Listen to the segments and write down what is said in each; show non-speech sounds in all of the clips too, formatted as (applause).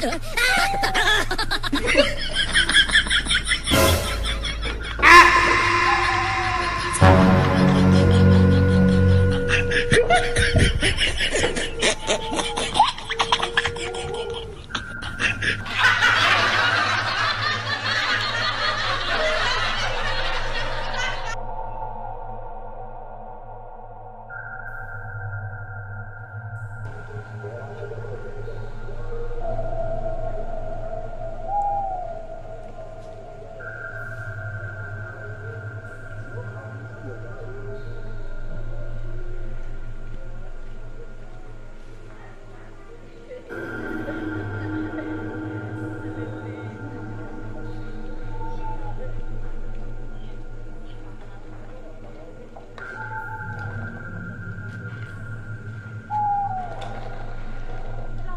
Cruz. (laughs) Ah.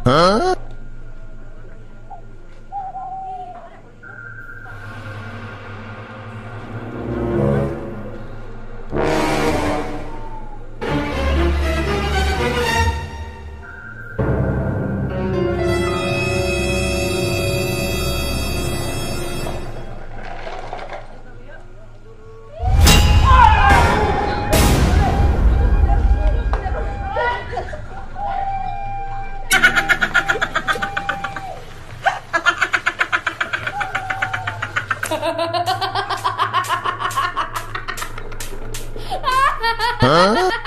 Huh? (laughs) huh?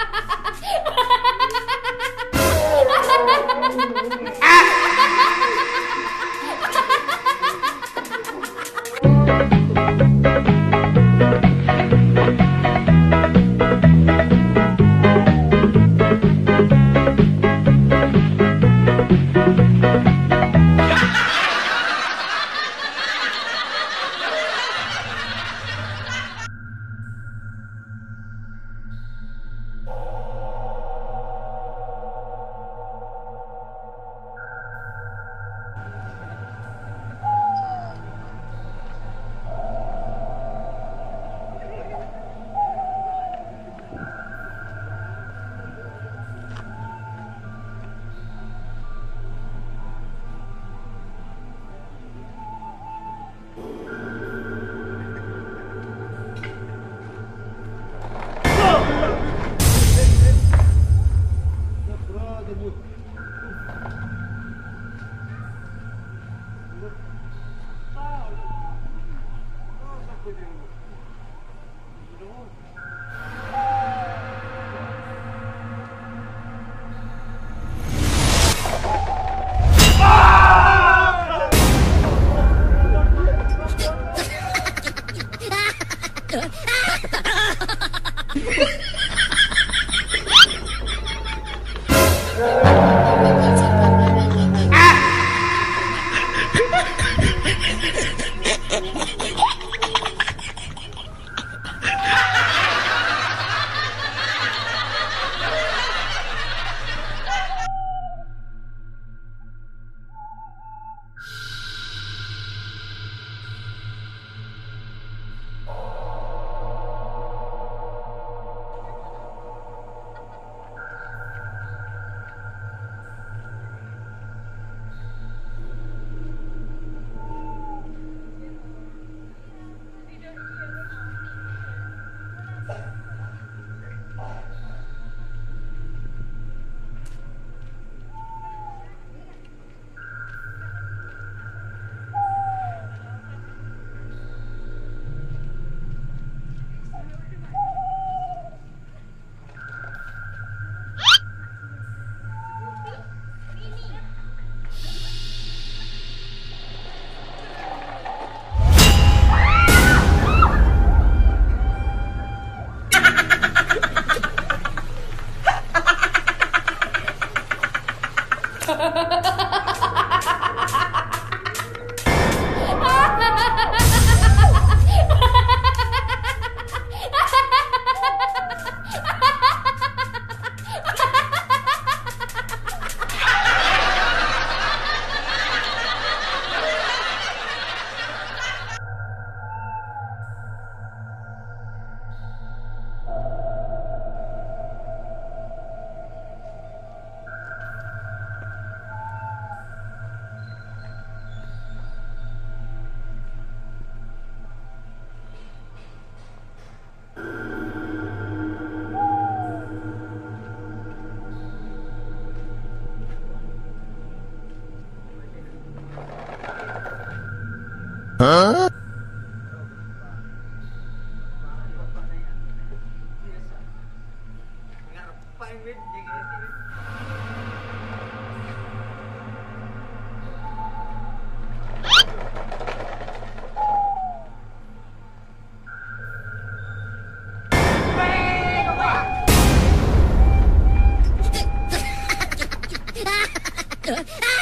with you. Huh? Ha (laughs)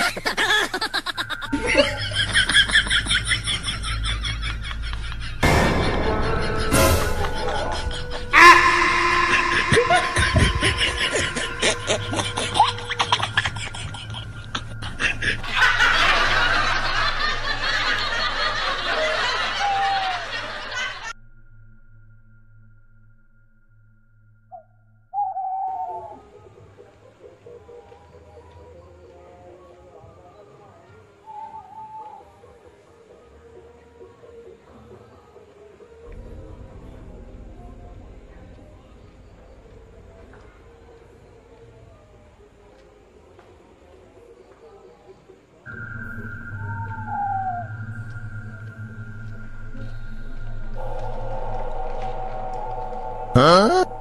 嗯。